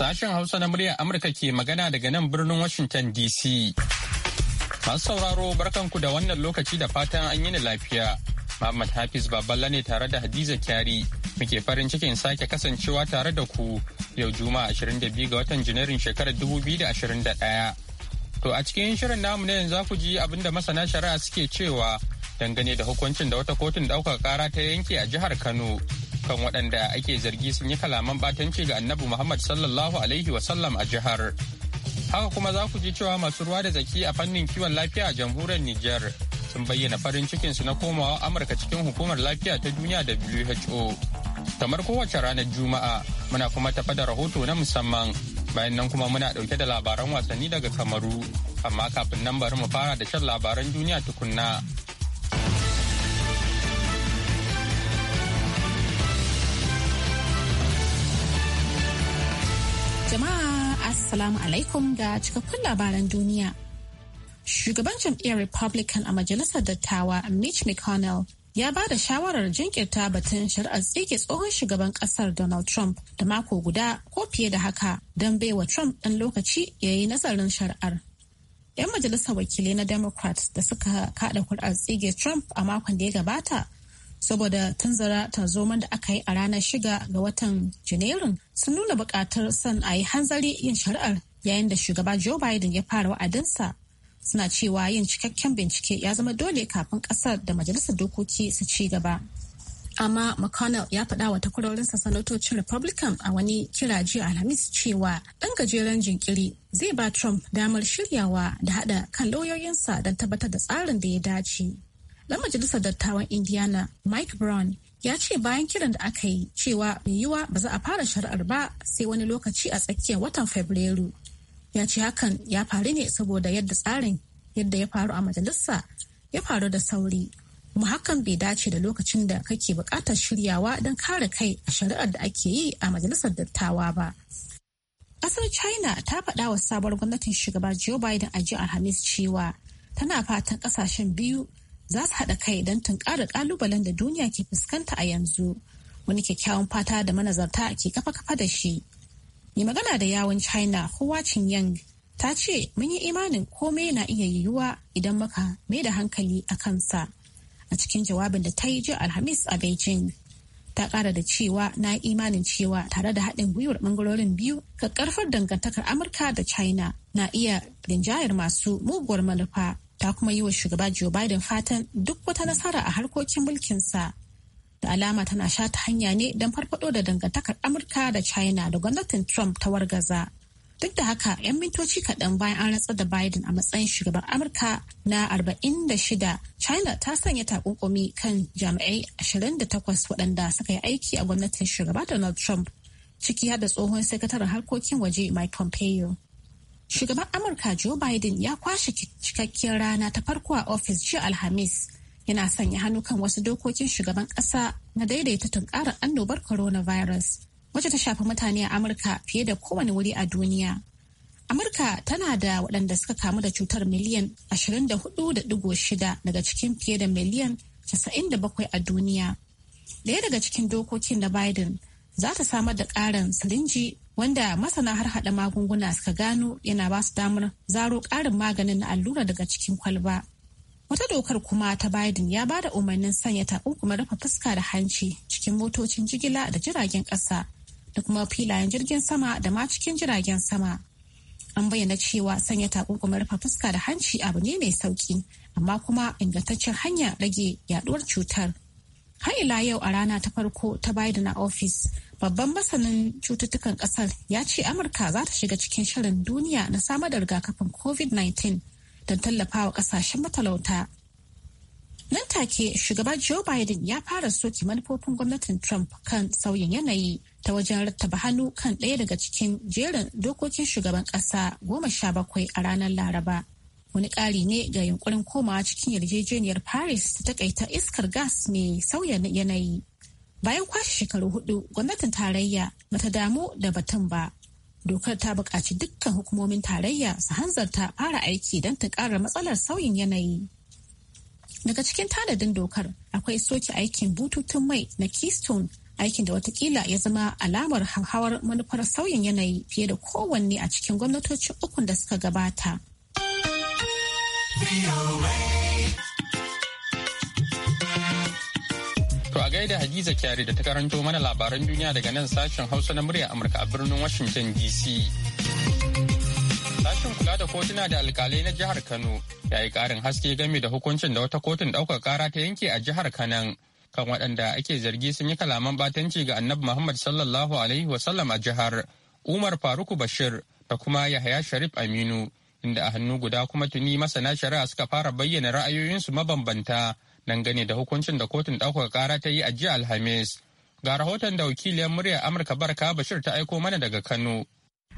Sashen Hausa na muryar Amurka ke magana daga nan birnin Washington DC. Masu sauraro barkanku da wannan lokaci da fatan an yi lafiya. Muhammad Hafiz Baballa ne tare da Hadiza Kyari muke farin cikin sake kasancewa tare da ku yau Juma'a 22 ga watan Janairun shekarar 2021. To a cikin shirin namu na yanzu ku ji abin da masana shari'a suke cewa dangane da hukuncin da wata kotun ɗaukar ƙara ta yanke a jihar Kano kan waɗanda ake zargi sun yi kalaman batanci ga annabi Muhammad sallallahu alaihi wasallam a jihar. Haka kuma za ku ji cewa masu ruwa da zaki a fannin kiwon lafiya a jamhuriyar Nijar sun bayyana farin cikinsu na komawa Amurka cikin hukumar lafiya ta duniya WHO. Kamar kowace ranar Juma'a muna kuma tafa da rahoto na musamman bayan nan kuma muna ɗauke da labaran wasanni daga Kamaru. Amma kafin nan bari mu fara da shan labaran duniya tukunna. Jama'a Assalamu alaikum ga cikakkun labaran duniya. Shugaban jam'iyyar Republican a Majalisar Dattawa Mitch McConnell ya ba da shawarar jinkirta batun shari'ar tsige tsohon shugaban kasar Donald Trump da mako guda ko fiye da haka don baiwa Trump ɗan lokaci ya yi nazarin shari'ar. 'Yan majalisar wakilai na Democrats da suka kada kuri'ar tsige Trump a makon da ya gabata saboda tunzara tarzoman da aka yi a ranar shiga ga watan Janairun sun nuna buƙatar son a yi hanzari yin shari'ar yayin da shugaba Joe Biden ya fara wa'adinsa suna cewa yin cikakken bincike ya zama dole kafin ƙasar da majalisar dokoki su ci gaba. Amma McConnell ya faɗa wa takwarorinsa sanatocin Republican a wani kira jiya Alhamis cewa ɗan gajeren jinkiri zai ba Trump damar shiryawa da haɗa kan lauyoyinsa don tabbatar da tsarin da ya dace. Dan majalisar dattawan Indiana Mike Brown ya ce bayan kiran da aka yi cewa mai yiwa ba za a fara shari'ar ba sai wani lokaci a tsakiyar watan fabrairu ya ce hakan ya faru ne saboda yadda tsarin yadda ya faru a majalisa ya faru da sauri kuma hakan bai dace da lokacin da kake bukatar shiryawa don kare kai a shari'ar da ake yi a majalisar dattawa ba ƙasar china ta faɗa wa sabuwar gwamnatin shugaba joe biden a jiya alhamis cewa tana fatan ƙasashen biyu za su haɗa kai don tunkarar ƙalubalen da duniya ke fuskanta a yanzu wani kyakkyawan fata da manazarta ke kafa kafa da shi mai magana da yawon china chin yang ta ce mun yi imanin komai na iya yiwuwa idan muka mai da hankali a kansa a cikin jawabin da ta yi jiya alhamis a beijing ta kara da cewa na imanin cewa tare da haɗin gwiwar ɓangarorin biyu ƙarfar dangantakar amurka da china na iya rinjayar masu muguwar manufa ta kuma yi wa shugaba Joe Biden fatan duk wata nasara a harkokin mulkinsa. Da alama tana sha ta hanya ne don farfado da dangantakar Amurka da China da gwamnatin Trump ta wargaza. Duk da haka, 'yan mintoci kaɗan bayan an rantsar da Biden a matsayin shugaban Amurka na 46, China ta sanya takunkumi kan jami'ai 28 waɗanda suka yi aiki a gwamnatin shugaba Donald Trump, ciki har da tsohon sakataren harkokin waje Mike Pompeo. shugaban amurka joe biden ya kwashe cikakkiyar rana ta farko a ofis jiya alhamis yana sanya hannu kan wasu dokokin shugaban kasa na daidaita tunkarar annobar coronavirus wacce ta shafi mutane a amurka fiye da kowane wuri a duniya amurka tana da waɗanda suka kamu da cutar miliyan 24.6 daga cikin fiye da miliyan 97 a duniya daya daga cikin dokokin da biden za ta samar da ƙarin silinji wanda masana har hada magunguna suka gano yana ba su damar zaro ƙarin maganin na allura daga cikin kwalba. Wata dokar kuma ta Biden ya ba da umarnin sanya takunkumin rufe fuska da hanci cikin motocin jigila da jiragen ƙasa da kuma filayen jirgin sama da ma cikin jiragen sama. An bayyana cewa sanya takunkumin rufe fuska da hanci abu ne mai sauki amma kuma ingantaccen hanya rage yaduwar cutar. har ila yau a rana ta farko ta biden a ofis babban masanin cututtukan kasar ya ce amurka za ta shiga cikin shirin duniya na samar da rigakafin covid-19 don tallafa wa kasashen matalauta nan take shugaba joe biden ya fara soki manufofin gwamnatin trump kan sauyin yanayi ta wajen rattaba hannu kan ɗaya daga cikin jerin dokokin shugaban ƙasa goma sha bakwai a ranar laraba wani ƙari ne ga yunkurin komawa cikin yarjejeniyar paris ta takaita iskar gas mai sauya yanayi bayan kwashe shekaru hudu gwamnatin tarayya bata damu da batun ba dokar ta buƙaci dukkan hukumomin tarayya su hanzarta fara aiki don ta ƙara matsalar sauyin yanayi daga cikin tanadin dokar akwai soke aikin bututun mai na keystone aikin da watakila ya zama alamar hauhawar manufar sauyin yanayi fiye da kowanne a cikin gwamnatocin ukun da suka gabata To a gaida Hadiza Kyari da ta karanto mana labaran duniya daga nan sashen Hausa na murya Amurka a birnin Washington DC. Sashen kula da kotuna da alkalai na jihar Kano ya yi karin haske game da hukuncin da wata kotun ɗaukar kara ta yanke a jihar Kanan kan waɗanda ake zargi sun yi kalaman batanci ga Annabi Muhammad sallallahu alaihi wasallam a jihar Umar Faruku Bashir da kuma Yahaya Sharif Aminu inda a hannu guda kuma tuni masana shari'a suka fara bayyana ra'ayoyinsu mabambanta dangane da hukuncin da kotun ɗaukaka ƙara ta yi a jiya alhamis ga rahoton da wakiliyar muryar amurka barka bashir ta aiko mana daga kano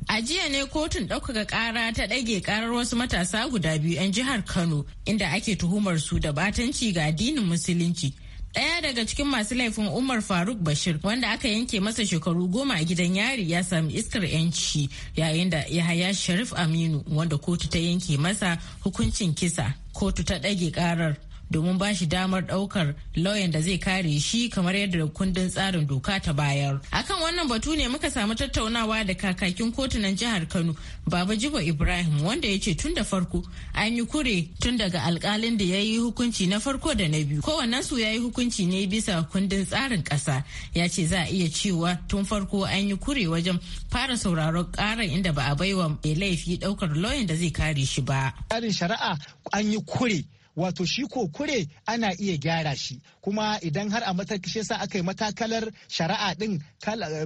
A jiya ne kotun ɗaukaka ƙara ta ɗage ƙarar wasu matasa guda biyu 'yan jihar Kano inda ake tuhumar su da batanci ga addinin Musulunci Ɗaya daga cikin masu laifin Umar Faruk Bashir wanda aka yanke masa shekaru goma a gidan yari ya sami iskar yanci yayin da Yahaya Sharif Aminu wanda kotu ta yanke masa hukuncin kisa kotu ta ɗage ƙarar. domin ba shi damar daukar lauyan da zai kare shi kamar yadda kundin tsarin doka ta bayar. Akan wannan batu ne muka samu tattaunawa da kakakin kotunan jihar Kano Baba Jibo Ibrahim wanda ya ce tun da farko an yi kure tun daga alkalin da ya yi hukunci na farko da na biyu. Kowannen su ya yi hukunci ne bisa kundin tsarin kasa ya ce za a iya cewa tun farko an yi kure wajen fara sauraron karar inda ba a baiwa mai laifi ɗaukar lauyan da zai kare shi ba. Tsarin shari'a an yi kure wato shi ko kure ana iya gyara shi kuma idan har a shi sa aka yi matakalar shari'a din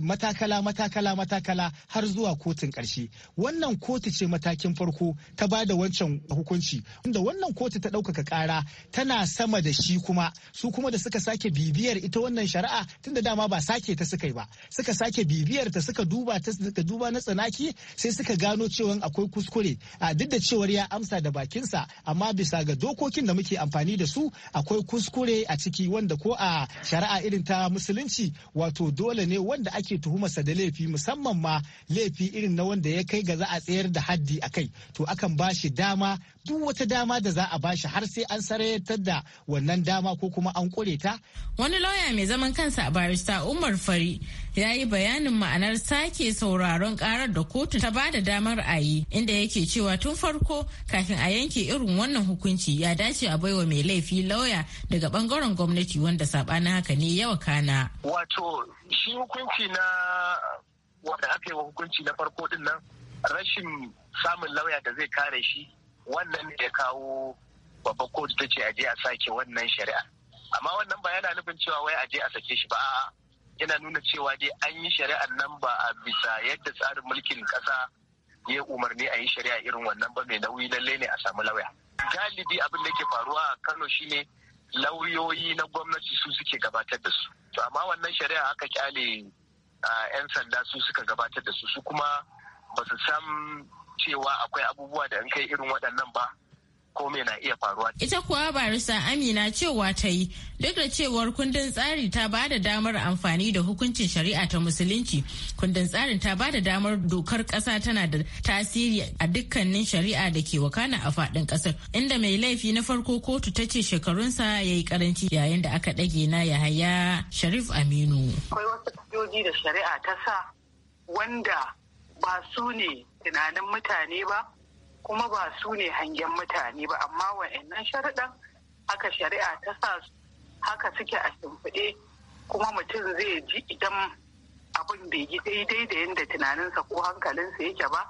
matakala matakala matakala har zuwa kotun karshe wannan kotu ce matakin farko ta ba da wancan hukunci inda wannan kotu ta ɗaukaka kara tana sama da shi kuma su kuma da suka sake bibiyar ita wannan shari'a tunda dama ba sake ta suka yi ba suka sake bibiyar ta suka duba ta suka duba na tsanaki sai suka gano cewa akwai kuskure a duk da cewar ya amsa da bakinsa amma bisa ga dokoki dokokin da muke amfani da su akwai kuskure a ciki wanda ko a shari'a irin ta musulunci wato dole ne wanda ake tuhumarsa da laifi musamman ma laifi irin na wanda ya kai ga za a tsayar da haddi a kai to akan ba shi dama duk wata dama da za a ba shi har sai an sarayatar da wannan dama ko kuma an kure ta. Wani lauya mai zaman kansa a barista Umar Fari ya yi bayanin ma'anar sake sauraron karar da kotu ta ba da damar a yi inda yake cewa tun farko kafin a yanke irin wannan hukunci ya da dace a baiwa mai laifi lauya daga bangaren gwamnati wanda na haka ne yawa kana. Wato shi hukunci na wanda aka yi hukunci na farko din nan rashin samun lauya da zai kare shi wannan ya kawo babban kotu ta ce aje a sake wannan shari'a amma wannan ba yana nufin cewa wai aje a sake shi ba yana nuna cewa dai an yi shari'ar nan ba a bisa yadda tsarin mulkin kasa ya umarni a yi shari'a irin wannan ba mai nauyi lalle ne a samu lauya galibi abin da ke faruwa a kano shine lauyoyi na gwamnati su suke gabatar da su to amma wannan shari'a aka kyale yan sanda su suka gabatar da su su kuma ba su san cewa akwai abubuwa da an kai irin waɗannan ba kome na iya faruwa. Ita kuwa barisa Amina cewa ta yi duk da cewar kundin tsari ta ba da damar amfani da hukuncin shari'a ta musulunci kundin tsarin ta ba da damar dokar ƙasa tana da tasiri a dukkanin shari'a da ke wakana a faɗin ƙasar inda mai laifi na farko kotu ta ce shekarunsa ya yi karanci yayin da aka ɗage na ya haya sharif aminu. Akwai wasu ƙa'idoji da shari'a ta sa wanda ba su ne tunanin mutane ba kuma ba su ne hangen mutane ba amma wa'annan shariɗan, haka shari'a ta sa haka suke a shimfiɗe kuma mutum zai ji idan abin bai yi daidai da yadda tunaninsa ko hankalinsa yake ba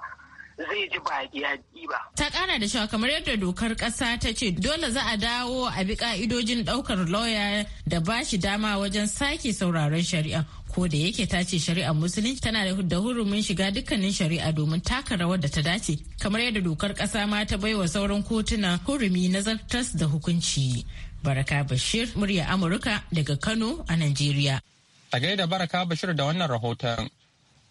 zai ji ba ya ji ba. Ta kara da shawar kamar yadda dokar ƙasa ta ce dole za a dawo a bi ka'idojin daukar lauya da ba shi dama wajen sake sauraron shari'a. Ko da yake ta ce shari'ar musulunci tana da hurumin shiga dukkanin shari'a domin taka rawar da ta dace. Kamar yadda dokar ƙasa ma ta baiwa sauran kotuna hurumi na zartas da hukunci. Baraka Bashir, murya Amurka daga Kano a Najeriya. A gaida Baraka Bashir da wannan rahoton.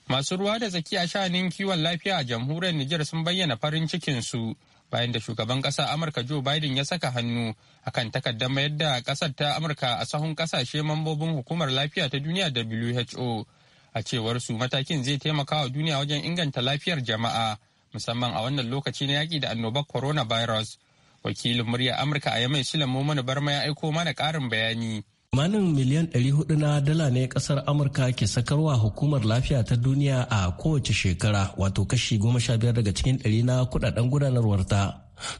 Masu ruwa da tsaki a sha'anin kiwon lafiya a jamhuriyar Nijar sun bayyana farin cikinsu bayan da shugaban ƙasa Amurka Joe Biden ya saka hannu akan takardar mayar da ƙasar ta Amurka a sahun ƙasashe mambobin hukumar lafiya ta duniya WHO. A cewar su matakin zai taimaka wa duniya wajen inganta lafiyar jama'a musamman a wannan lokaci na yaƙi da annobar coronavirus. Wakilin murya Amurka a Yamai Shilan Momunu Barma ya aiko mana ƙarin bayani. kimanin miliyan 400 na dala ne kasar amurka ke sakarwa hukumar lafiya ta duniya a kowace shekara wato kashi 15 daga cikin 100 na kudaden gudanarwarta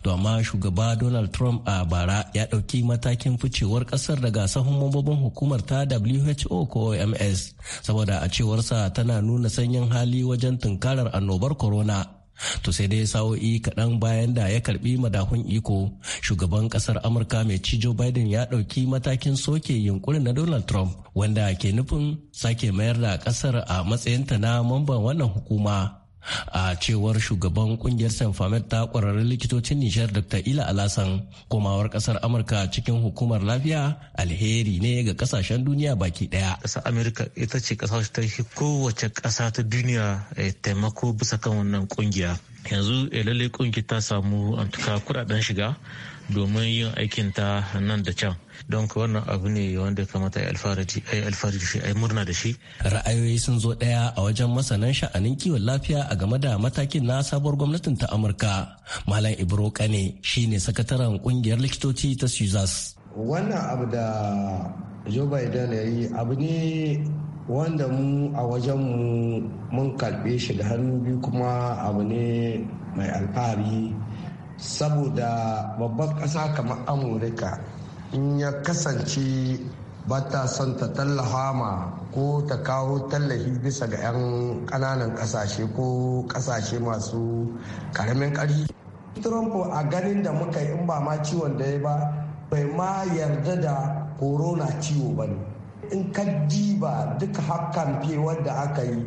to amma shugaba donald trump a bara ya ɗauki matakin ficewar ƙasar daga sahun mambobin hukumar ta who ko oms saboda a cewarsa tana nuna sanyin hali wajen tunkarar annobar corona To sai dai sa'o'i kaɗan bayan da ya karɓi madahun iko, shugaban ƙasar Amurka mai ci Joe Biden ya ɗauki matakin soke yunkurin na Donald Trump wanda ke nufin sake mayar da ƙasar a matsayinta na mamban wannan hukuma. a cewar shugaban kungiyar famet ta kwararrun likitocin nishar dr ila alasan komawar kasar amurka cikin hukumar lafiya alheri ne ga kasashen duniya baki daya kasar amurka ita ce kasa ta kowace kasa ta duniya eh, taimako bisa kan wannan kungiya yanzu eh, lallai kungiya ta samu antuka eh, kudaden shiga domin yin aikin ta nan da can don ka wannan abu ne wanda ya kamata ya alfahari da shi a murna da shi ra'ayoyi sun zo ɗaya a wajen masanan sha'anin kiwon lafiya a game da matakin na sabuwar gwamnatin ta amurka malam ibro kane shine sakataren kungiyar likitoci ta suzas wannan abu da joe biden ya yi abu ne wanda mu a wajen mu mun karbe shi da hannu biyu kuma abu ne mai alfahari saboda babban kasa kamar amurka in ya kasance ba ta son ta tallafa ma ko ta kawo tallafi bisa ga 'yan kananan kasashe ko kasashe masu ƙaramin ƙarfi. Trump a ganin da muka yi in ba ma ciwon da ya ba bai ma yarda da corona ciwo ba ne. In ka diba duka hakan wadda aka yi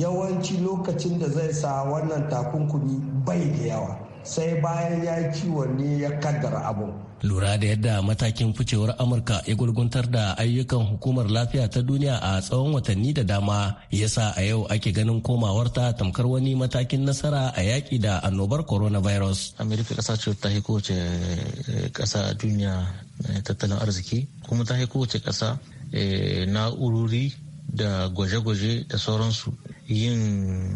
yawanci lokacin da zai sa wannan takunkumi bai da yawa. sai bayan ya yi ciwon ne ya kaddara abu. Lura da yadda matakin ficewar Amurka ya gurguntar da ayyukan hukumar lafiya ta duniya a tsawon watanni da dama yasa a yau ake ganin komawar ta tamkar wani matakin nasara a yaki da annobar coronavirus. Amerika ƙasa ce ta kowace eh, ƙasa a duniya eh, tattalin arziki kuma ta kowace ƙasa eh, na'urori da gwaje-gwaje da sauransu yin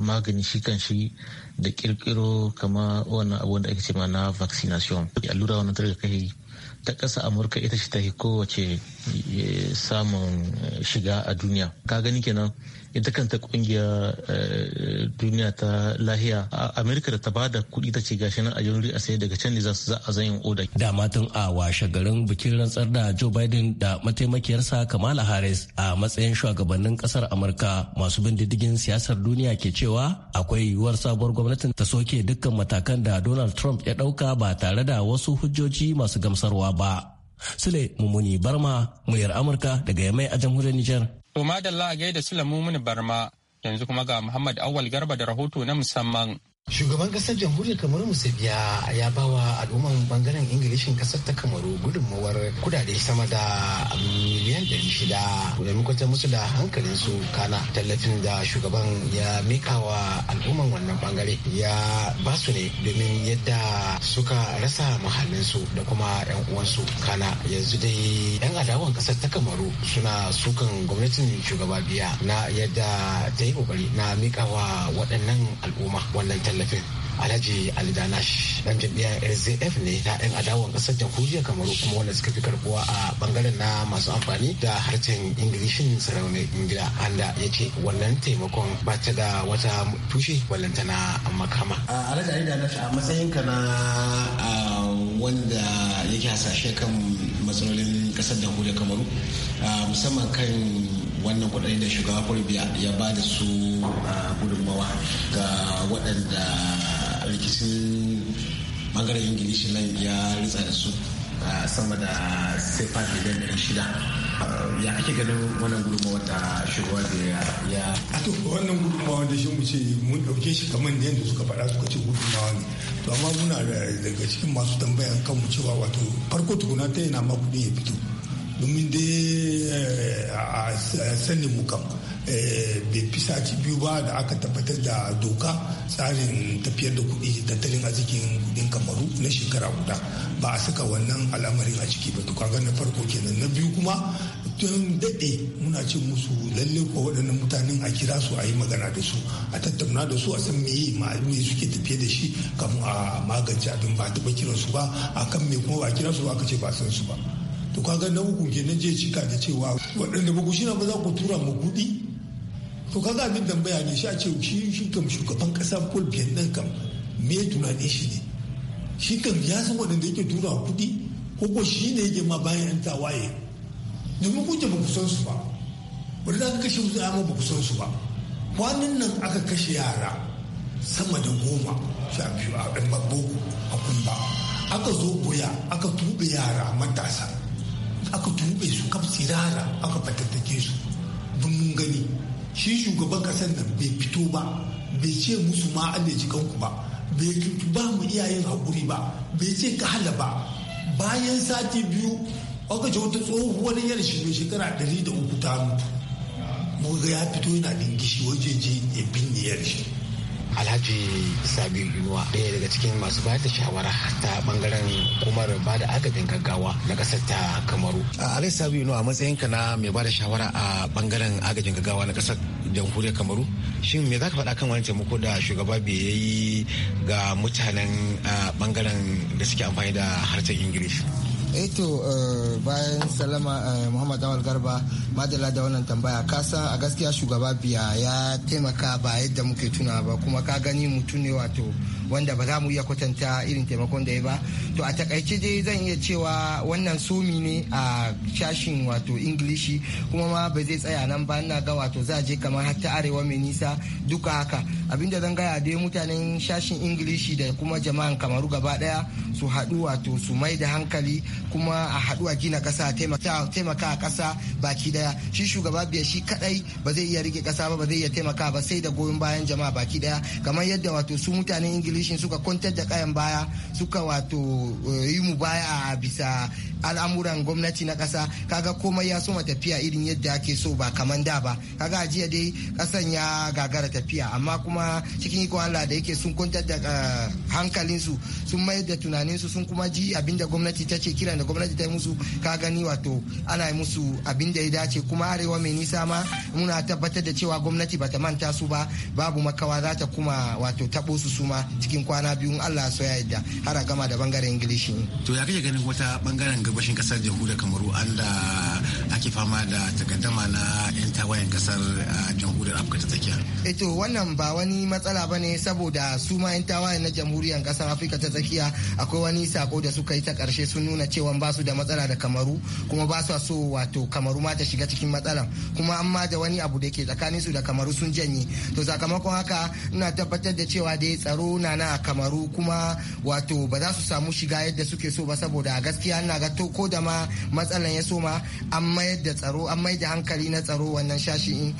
magani shi kan shi da kirkiro kama wannan abu da ake ce na vaccination allura wannan tare kai ta ƙasa amurka ita ce ta kowace eh, samun eh, shiga a duniya ka gani kenan ita kanta kungiyar eh, duniya ta lahiya a amerika da ta ba da kuɗi ta ce gashi nan a yanzu a sai daga can ne za su za a zanyin oda da matan a washe garin bikin rantsar da joe biden da mataimakiyarsa kamala harris a matsayin shugabannin kasar amurka masu bin diddigin siyasar duniya ke cewa akwai yiwuwar sabuwar gwamnatin ta soke dukkan matakan da donald trump ya dauka ba tare da wasu hujjoji masu gamsarwa ba Sule Mumuni Barma, muryar Amurka daga Yamai a jamhuriyar Nijar. To dalla a gaida Sule Mumuni Barma, yanzu kuma ga Muhammad Awal Garba da rahoto na musamman. Shugaban kasar jamhuriyar Kamaru Musabiya ya ba wa al'umman bangaren Ingilishin kasar ta Kamaru gudunmawar kudade sama da miliyan dari shida domin musu da hankalinsu kana tallafin da shugaban ya mika wa al'umman wannan bangare ya ba su ne domin yadda suka rasa muhallinsu da kuma 'yan uwansu kana yanzu dai 'yan adawan kasar ta Kamaru suna sukan gwamnatin shugaba biya na yadda ta yi kokari na mika wa waɗannan al'umma wannan tallafin alhaji alidanash dan jam'iyyar rzf ne na yan adawan kasar jamhuriyar kamaru kuma wanda suka fi karbuwa a bangaren na masu amfani da harshen ingilishin saraunin ingila anda ya ce wannan taimakon ba ta da wata tushe wallanta na makama alhaji alidanash a ka na wanda yake hasashe kan matsalolin kasar jamhuriyar kamaru musamman kan wannan kudin da shugaba kurbiya ya ba da su gudunmawa ga waɗanda rikicin bangaren ingilishi nan ya ritsa da su sama da sefa miliyan ɗari shida ya ake ganin wannan gudunmawa da shugaba da ya a to wannan gudunmawa da shi mu ce mun ɗauke shi kamar da yadda suka faɗa suka ce gudunmawa ne to amma muna daga cikin masu tambayan mu cewa wato farko tukuna ta yana ma kuɗin ya fito domin dai eh, a sanin mu eh, bai sati biyu ba da aka tabbatar da doka tsarin tafiyar da kuɗi tattalin arzikin kuɗin kamaru na shekara guda ba a saka wannan al'amarin a ciki ba to kaga na farko kenan na biyu kuma tun daɗe muna ce musu lalle ko waɗannan mutanen a kira su a yi magana da su a tattauna da su a san me me suke tafiye da shi kafin a magance abin ba a taɓa su ba a kan me kuma ba a kira su ba aka ce ba san su ba to kaga na uku kenan je cika da cewa waɗanda ba ku shi ba za ku tura mu kuɗi to kaga abin tambaya ne shi a ce shi shi kam shugaban kasa Paul Biya nan kam me tunanin shi ne shi kam ya san waɗanda yake tura kuɗi ko ko shi ne yake ma bayan yan tawaye domin ku ba ku san su ba wani za ka kashe musu amma ba ku san su ba kwanan nan aka kashe yara sama da goma sha biyu a boko a kumba aka zo goya aka tuɓe yara matasa aka tuɓe su kaf tsirara aka fatattake su ba mun gani shi shugaban kasar nan bai fito ba bai ce musu ma an ji kanku ba bai ba mu iyayen haƙuri ba bai ce ka hala ba bayan sati biyu aka ce wata tsohuwar yar shi mai shekara ɗari da uku ta mutu mu ga ya fito yana dingishi waje je ya binne yar shi alhaji sabi inuwa daya daga cikin masu bayar da shawara ta bangaren kuma ba da agajin gaggawa na kasar ta kamaru alhaji sabi inuwa matsayinka na mai ba da shawara a bangaren agajin gaggawa na kasar jamhuriyar kamaru shin me za ka faɗa kan wani taimako da shugaba bai yayi ga mutanen bangaren da suke amfani da harshen ingilishi eto eh eh, bayan salama eh, muhammad awal garba madala da wannan tambaya kasan a gaskiya shugaba biya ya taimaka ba yadda muke tuna ba kuma ka gani mutum ne wato wanda ba za mu iya kwatanta irin taimakon da ya ba to a takaice dai zan iya cewa wannan sumi ne a shashin wato ingilishi kuma ma ba zai tsaya nan ba ina ga wato za je kamar har ta arewa mai nisa duka haka abinda zan gaya dai mutanen shashin ingilishi da kuma jama'an kamaru gaba daya su haɗu wato su mai da hankali kuma a haɗu a gina ƙasa taimaka a ƙasa baki daya shi shugaba biya shi kadai ba zai iya rike ƙasa ba ba zai iya taimaka ba sai da goyon bayan jama'a baki daya kamar yadda wato su mutanen ingilishi coalition suka kwantar da kayan baya suka wato eh, yi mu baya a bisa al'amuran gwamnati na kasa kaga komai ya suma tafiya irin yadda ake so ba kaman da ba kaga ajiya dai ƙasan ya gagara tafiya amma kuma cikin ikon Allah da yake sun kwantar da eh, hankalinsu sun mayar da tunaninsu sun kuma ji abin da gwamnati ta ce kiran da gwamnati ta yi musu ka gani wato ana yi musu abin ya dace kuma arewa mai nisa ma muna tabbatar da cewa gwamnati bata manta su ba babu makawa za ta kuma wato tabo su ma cikin kwana biyu Allah so ya yarda har a gama da bangaren ingilishi to ya kake ganin wata bangaren gabashin kasar jamhuriyar kamaru an da ake fama da takaddama na 'yan tawayen kasar jamhuriyar afirka ta tsakiya eto eh wannan ba wani matsala ba ne saboda su ma 'yan tawayen na jamhuriyar kasar afirka ta tsakiya akwai wani sako da suka yi ta karshe sun nuna cewa ba su da matsala da kamaru kuma ba su so wato kamaru ma ta shiga cikin matsala kuma an ma da wani abu da ke tsakanin su da kamaru sun janye to sakamakon haka ina tabbatar da cewa dai tsaro na na kamaru kuma wato ba za su samu shiga yadda suke so ba saboda gaskiya ina ga to ko da ma matsalan ya soma an mayar da tsaro an mayar da hankali na tsaro wannan shashi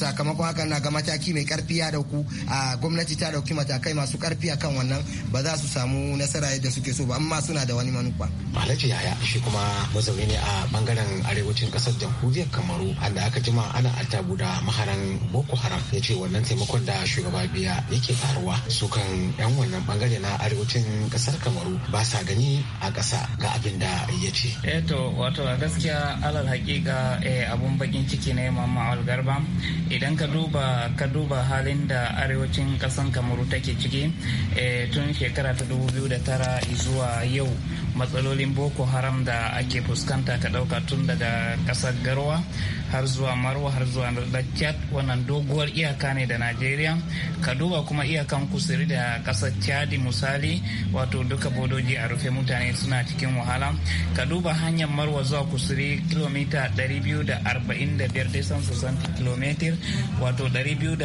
sakamakon haka na ga mataki mai karfi ya dauku a gwamnati ta dauki matakai masu karfi akan wannan ba za su samu nasara yadda suke so ba amma suna da wani manufa. malaji Yaya shi kuma mazauni ne a bangaren arewacin kasar jamhuriyar Kamaru anda aka jima ana tabu da maharan Boko Haram ya ce wannan taimakon da shugaba biya yake faruwa sukan yan wannan bangare na arewacin kasar Kamaru ba sa gani a kasa ga abin da fayyace. eh to wato a gaskiya alal hakika eh, abun bakin ciki ne mamma algarba idan ka duba ka duba halin da arewacin kasan kamaru take ciki eh, tun shekara ta dubu biyu da tara zuwa yau matsalolin boko haram da ake fuskanta ka ɗauka tun daga kasar garwa har zuwa marwa har zuwa chad wannan doguwar iyaka ne da najeriya ka duba kuma iyakan kusuri da kasar chadi misali wato duka bodoji a rufe mutane suna cikin wahala ka duba hanyar marwa zuwa kusuri kilomita 245 distance 60 kilometer wato 246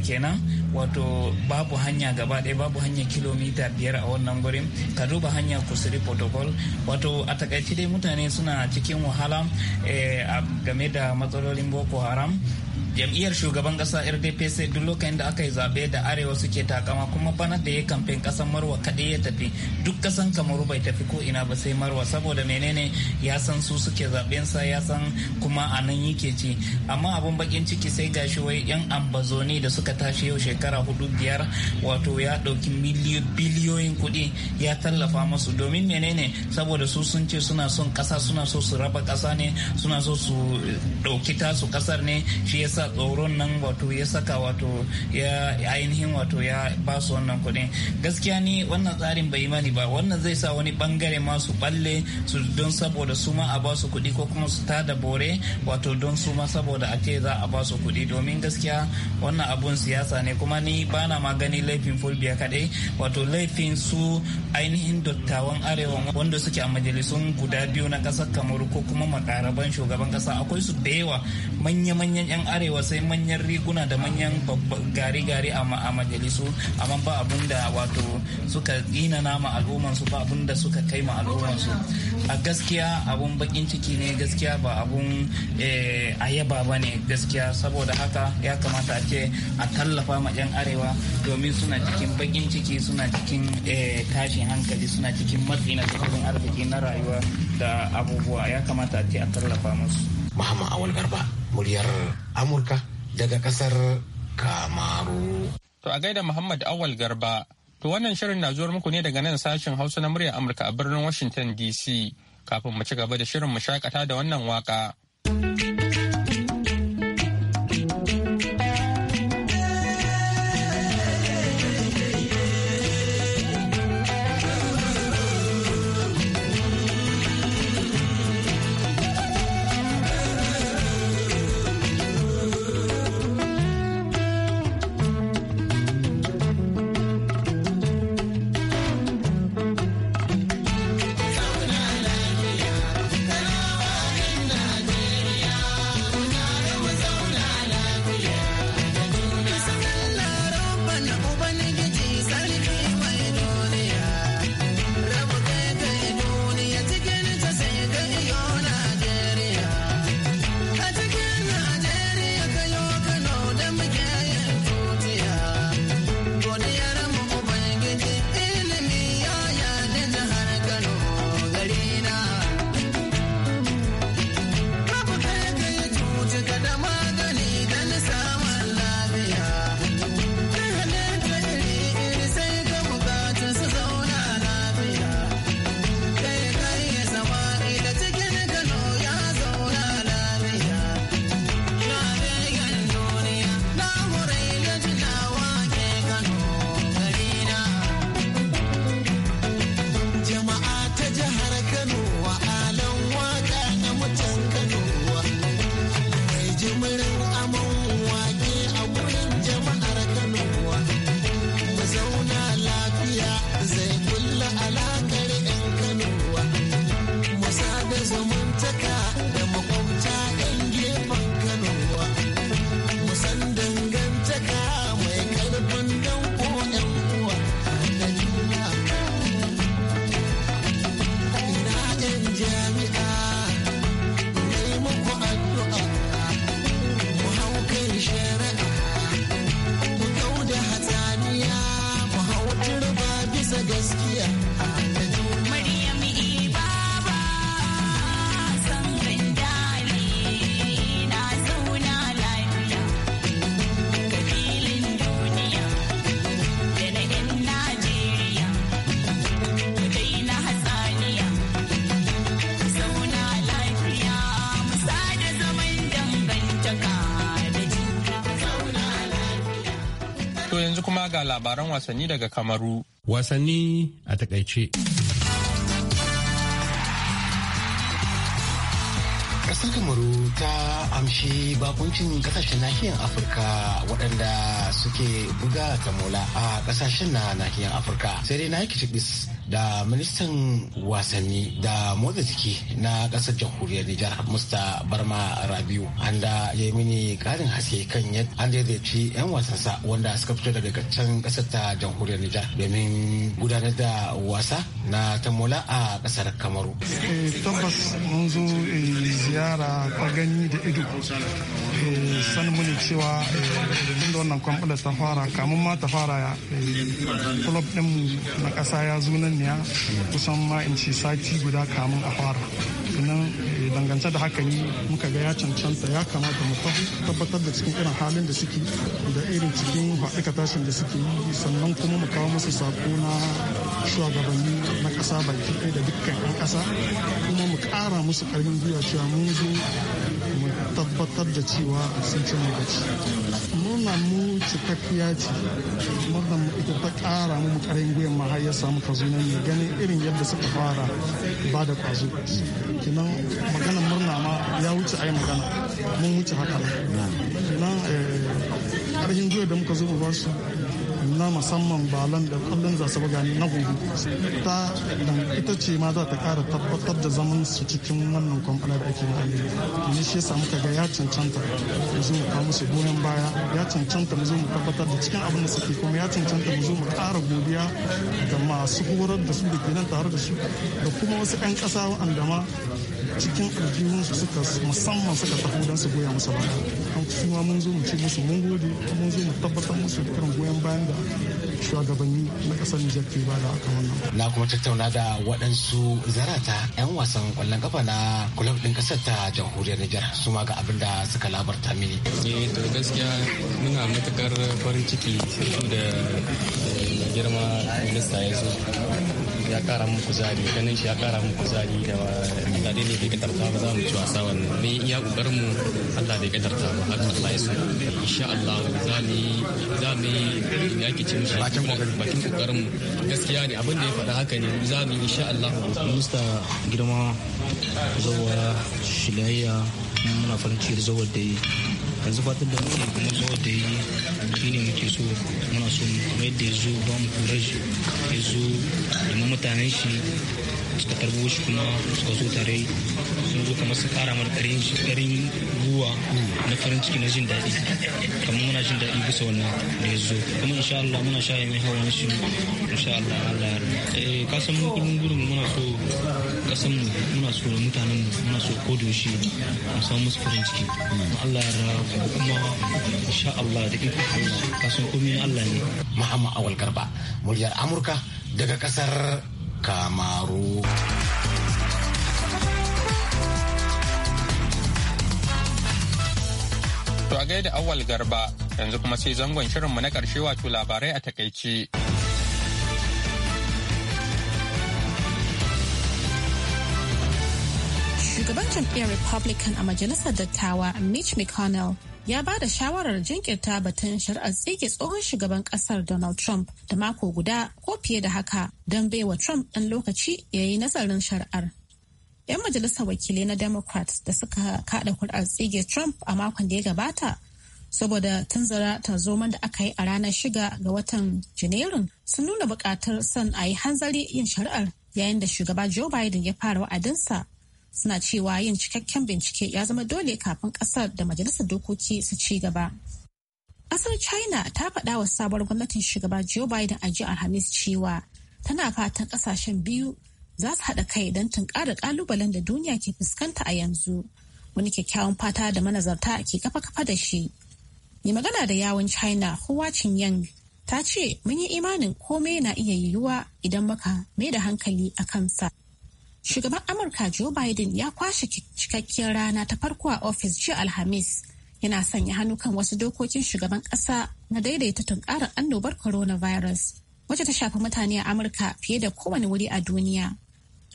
kenan wato babu hanya gaba ɗaya babu hanya kilomita biyar a wannan gurin ka duba hanya kusuri protocol wato a takaice dai mutane suna cikin wahala eh, game da matsalolin boko haram jam'iyyar shugaban kasa rdp sai duk lokacin da aka yi zaɓe da arewa suke takama kuma bana da ya kamfen kasan marwa kaɗai ya tafi duk kasan kamaru bai tafi ko ina ba sai marwa saboda menene ya san su suke zaben sa ya san kuma a nan yake ci amma abun bakin ciki sai gashi wai yan ambazoni da suka tashi yau shekara hudu biyar wato ya ɗauki biliyoyin kuɗi ya tallafa masu domin menene saboda su sun ce suna son kasa suna so su raba kasa ne suna so su ɗauki tasu ƙasar ne shi yasa tsoron nan wato ya saka wato ya ainihin wato ya ba su wannan kudin gaskiya ni wannan tsarin bai mani ba wannan zai sa wani bangare ma su balle su don saboda su ma a ba su kuɗi ko kuma su tada bore wato don su ma saboda a ce za a ba su kuɗi domin gaskiya wannan abun siyasa ne kuma ni ba na ma gani laifin fulbiya kaɗai wato laifin su ainihin dattawan arewa wanda suke a majalisun guda biyu na kasar kamaru ko kuma makaraban shugaban kasa akwai su da yawa manya-manyan 'yan arewa cewa sai manyan riguna da manyan gari-gari a majalisu amma ba abun da wato suka gina nama al'umman su ba abun da suka kai ma al'umman su a gaskiya abun bakin ciki ne gaskiya ba abun eh, ayaba ba ne gaskiya saboda haka ya kamata a ce a tallafa ma 'yan arewa domin suna cikin bakin ciki suna cikin eh, tashin hankali suna cikin matsi na tattalin arziki na rayuwa da abubuwa ya kamata a ce a tallafa musu. Muhammad Awal Garba muryar Amurka daga kasar Kamaru. To a gaida Muhammad Awal Garba, to wannan shirin na zuwar muku ne daga nan sashen Hausa na muryar Amurka a birnin Washington DC. Kafin mu ci gaba da shirin mu shakata da wannan waka. ga labaran wasanni daga Kamaru. Wasanni a takaice. Ƙasar Kamaru ta amshi bakuncin kasashen nahiyar Afirka waɗanda suke buga tamola a ƙasashen na nahiyar Afirka. Sai dai na yi da ministan wasanni da motsa jiki na kasar jamhuriyar Nijar Musta Barma Rabiu an da ya yi mini karin haske kan yadda an daidaici 'yan wasansa wanda suka fito daga can kasar ta jamhuriyar Nijar domin gudanar da wasa na tamola a kasar Kamaru. Eh, tabbas mun zo eh, ziyara gani da ido eh, muni cewa tun da wannan kwamfuta ta fara kamun ma ta fara ya Kulob na kasa ya zo nan yarjejeniya kusan ma in ce sati guda kamun a fara sannan eh, dangance da haka ne muka ga ya cancanta ya kamata mu tabbatar da cikin irin halin da suke da irin cikin haɗuka tashin da suke yi sannan kuma mu kawo musu sako na shugabanni na ƙasa baki ɗaya da dukkan 'yan ƙasa kuma mu ƙara musu ƙarfin gwiwa cewa mun zo mu tabbatar da cewa sun ci lokaci murna mu cikakkiya ce murna mu ita ta kara mu ƙarin gwiwa ma har ya samu kazo nan ne ganin irin yadda suka fara ba da kwazo kinan maganar murna ma ya wuce ai magana mun wuce haka nan kinan eh, ƙarfin gwiwa da muka zo mu ba su na musamman balan da kullun za su buga na gobe ta dan ita ce ma za ta kara tabbatar da zaman su cikin wannan kwamfana da ake yi ne shi yasa muka ga ya cancanta mu zo mu kawo musu goyon baya ya cancanta mu zo mu tabbatar da cikin abin da suke kuma ya cancanta mu zo mu kara godiya ga masu horar da su da ke nan tare da su da kuma wasu 'yan ƙasa wa'anda ma cikin su suka musamman suka tafi don su goya musu baya an kuma mun zo mu ce musu mun gode mun zo mu tabbatar musu da irin goyon bayan da shugabanni na kasar Nijar ke ba da aka wannan. Na kuma tattauna da waɗansu zarata 'yan wasan kwallon kafa na kulab ɗin kasar ta jamhuriyar Nijar su ma ga abin da suka labarta mini. Eh to gaskiya muna matukar farin ciki da girma minista ya zo ya kara mun kuzari ganin shi ya kara mun kuzari da Allah dai ne bai kadarta ba za mu ci wasa wannan mun iya kokarin mu Allah bai kadarta ba har Allah ya so insha Allah za mu za mu ya kici ci mu bakin kokarin mu gaskiya ne abin da ya faɗa haka ne za mu insha Allah Musta girma zuwa shilayya muna farin ciki da zuwa da yi yanzu fatan da muke kuma zuwa da yi shi ne muke so muna so kamar yadda ya zo ba mu shi ya zo da mutanen shi suka tarbo shi kuma suka zo tare sun zo kamar su kara mana karin karin ruwa na farin ciki na jin daɗi kamar muna jin daɗi bisa wannan da ya zo kuma insha Allah muna sha yi mai hawan shi insha Allah Allah ya eh, ka san mun gurin muna so kasan mu muna so mutanen mu muna so ko doshi mu samu musu farin ciki Allah ya rawa kuma insha Allah da ikon Allah kasan komai Allah ne Muhammad Awal Garba muryar Amurka daga kasar Kamaru To a gaida Awal Garba yanzu kuma sai zangon shirinmu na ƙarshe wato labarai a takaici. Shugaban jam'iyyar Republican a Majalisar Dattawa Mitch McConnell ya ba da shawarar jinkirta batun shari'ar tsige tsohon shugaban kasar Donald Trump da mako guda ko fiye da haka don baiwa Trump ɗan lokaci ya yi nazarin shari'ar. 'Yan majalisar wakilai na Democrats da suka kada kuri'ar tsige Trump a makon da ya gabata saboda tunzara tarzoman da aka yi a ranar shiga ga watan Janairun sun nuna bukatar son a yi hanzari yin shari'ar yayin da shugaba Joe Biden ya fara wa'adinsa suna cewa yin cikakken bincike ya zama dole kafin kasar da majalisar dokoki su ci gaba kasar china ta faɗa wa sabuwar gwamnatin shugaba joe biden a jiya alhamis cewa tana fatan kasashen biyu za su haɗa kai don tunkarar ƙalubalen da duniya ke fuskanta a yanzu wani kyakkyawan fata da manazarta ke kafa kafa da shi mai magana da yawon china Hua Qingyang ta ce mun yi imanin komai na iya yiwuwa idan muka mai da hankali a kansa shugaban amurka joe biden ya kwashe cikakkiyar rana ta farko a ofis jiya alhamis yana sanya hannu kan wasu dokokin shugaban kasa na daidaita tunkarar annobar coronavirus wacce ta shafi mutane a amurka fiye da kowane wuri a duniya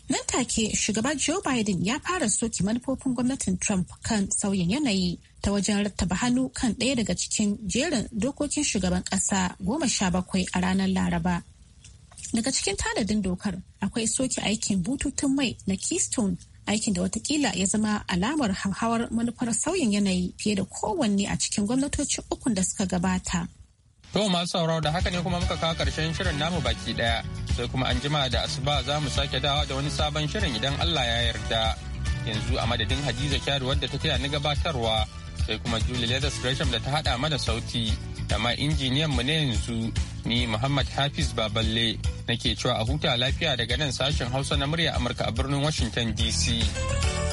nan take shugaba joe biden ya fara soki manufofin gwamnatin trump kan sauyin yanayi ta wajen rattaba hannu kan ɗaya daga cikin jerin dokokin shugaban ƙasa goma sha bakwai a ranar laraba Daga cikin tanadin dokar akwai soke aikin bututun mai na Keystone aikin da watakila ya zama alamar hauhawar manufar sauyin yanayi fiye da kowanne a cikin gwamnatoci uku da suka gabata. To masu sauraro da haka ne kuma muka kawo karshen shirin namu baki daya sai kuma an jima da asuba za mu sake dawa da wani sabon shirin idan Allah ya yarda. Yanzu a madadin Hadiza Kyaru wadda ta taya ni gabatarwa sai kuma Julie Leathers Gresham da ta hada mana sauti da ma injiniyan mu ne yanzu ni Muhammad Hafiz Baballe nake cewa a huta lafiya daga nan sashen hausa na murya amurka a birnin washington dc